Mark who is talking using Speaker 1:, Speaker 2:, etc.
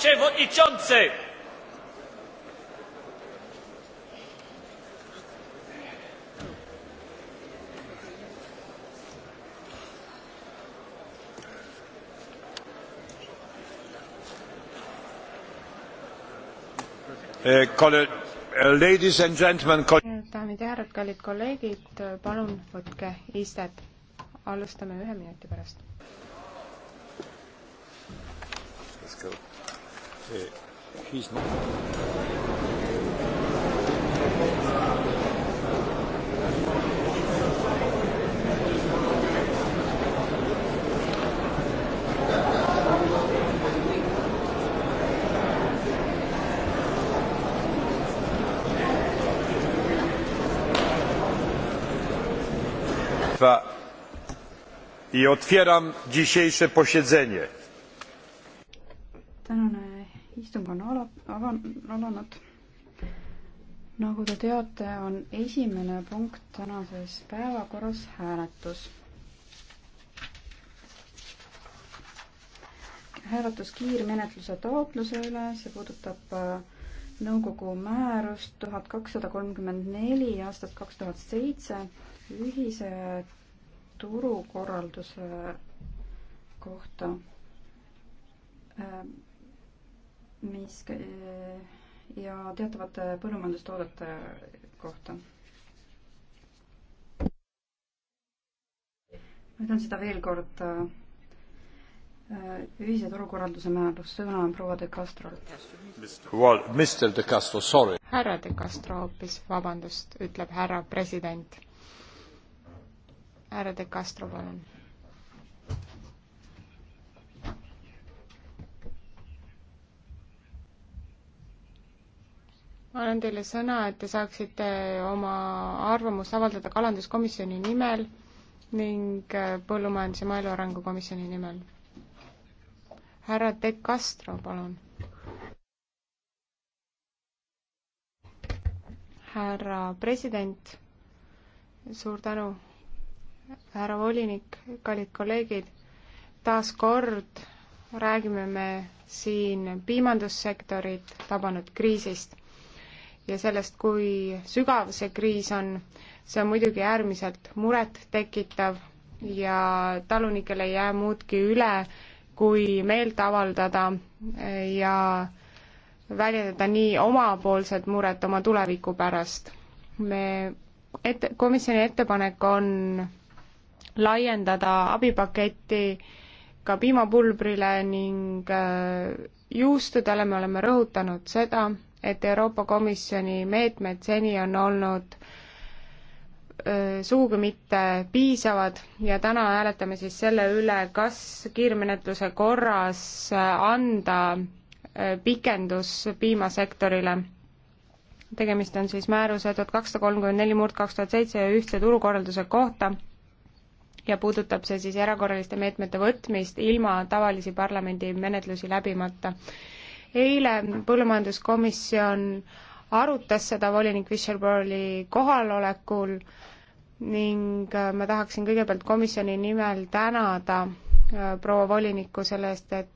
Speaker 1: przewodniczący!
Speaker 2: E, e, ladies and gentlemen,
Speaker 1: daamid ja härrad, kallid kolleegid, palun võtke istet. alustame ühe minuti pärast.
Speaker 2: Let's go he's not. i otwieram dzisiejsze posiedzenie. tänane istung on ala, avan, alanud. nagu te teate, on esimene punkt tänases päevakorras hääletus. hääletus kiirmenetluse taotluse üle, see puudutab äh, nõukogu määrust tuhat kakssada kolmkümmend neli aastast kaks tuhat seitse ühise turukorralduse kohta äh, mis äh, ja teatavate äh, põllumajandustoodete kohta. ma ütlen seda veel kord. Äh, ühise turukorralduse määrus, sõna on proua de Castrol. Well, Mr de Castro, sorry. härra de Castro hoopis,
Speaker 1: vabandust, ütleb härra president. härra de Castro, palun annan teile sõna, et te saaksite oma arvamust avaldada kalanduskomisjoni nimel ning äh, Põllumajandus- ja Maaeluarengu Komisjoni nimel. härra De Castro, palun. härra president, suur tänu. härra volinik, kallid kolleegid, taas kord räägime me siin piimandussektorit tabanud kriisist ja sellest, kui sügav see kriis on, see on muidugi äärmiselt murettekitav ja talunikel ei jää muudki üle, kui meelt avaldada ja väljendada nii omapoolset muret oma tuleviku pärast. me, ette, komisjoni ettepanek on laiendada abipaketti ka piimapulbrile ning äh, juustudele, me oleme rõhutanud seda, et Euroopa Komisjoni meetmed seni on olnud sugugi mitte piisavad ja täna hääletame siis selle üle, kas kiirmenetluse korras anda pikendus piimasektorile. tegemist on siis määruse tuhat kakssada kolmkümmend neli murd kaks tuhat seitse ühtse turukorralduse kohta ja puudutab see siis erakorraliste meetmete võtmist ilma tavalisi parlamendi menetlusi läbimata eile põllumajanduskomisjon arutas seda volinik Fischer-Bowli kohalolekul ning äh, ma tahaksin kõigepealt komisjoni nimel tänada äh, proua volinikku selle eest, et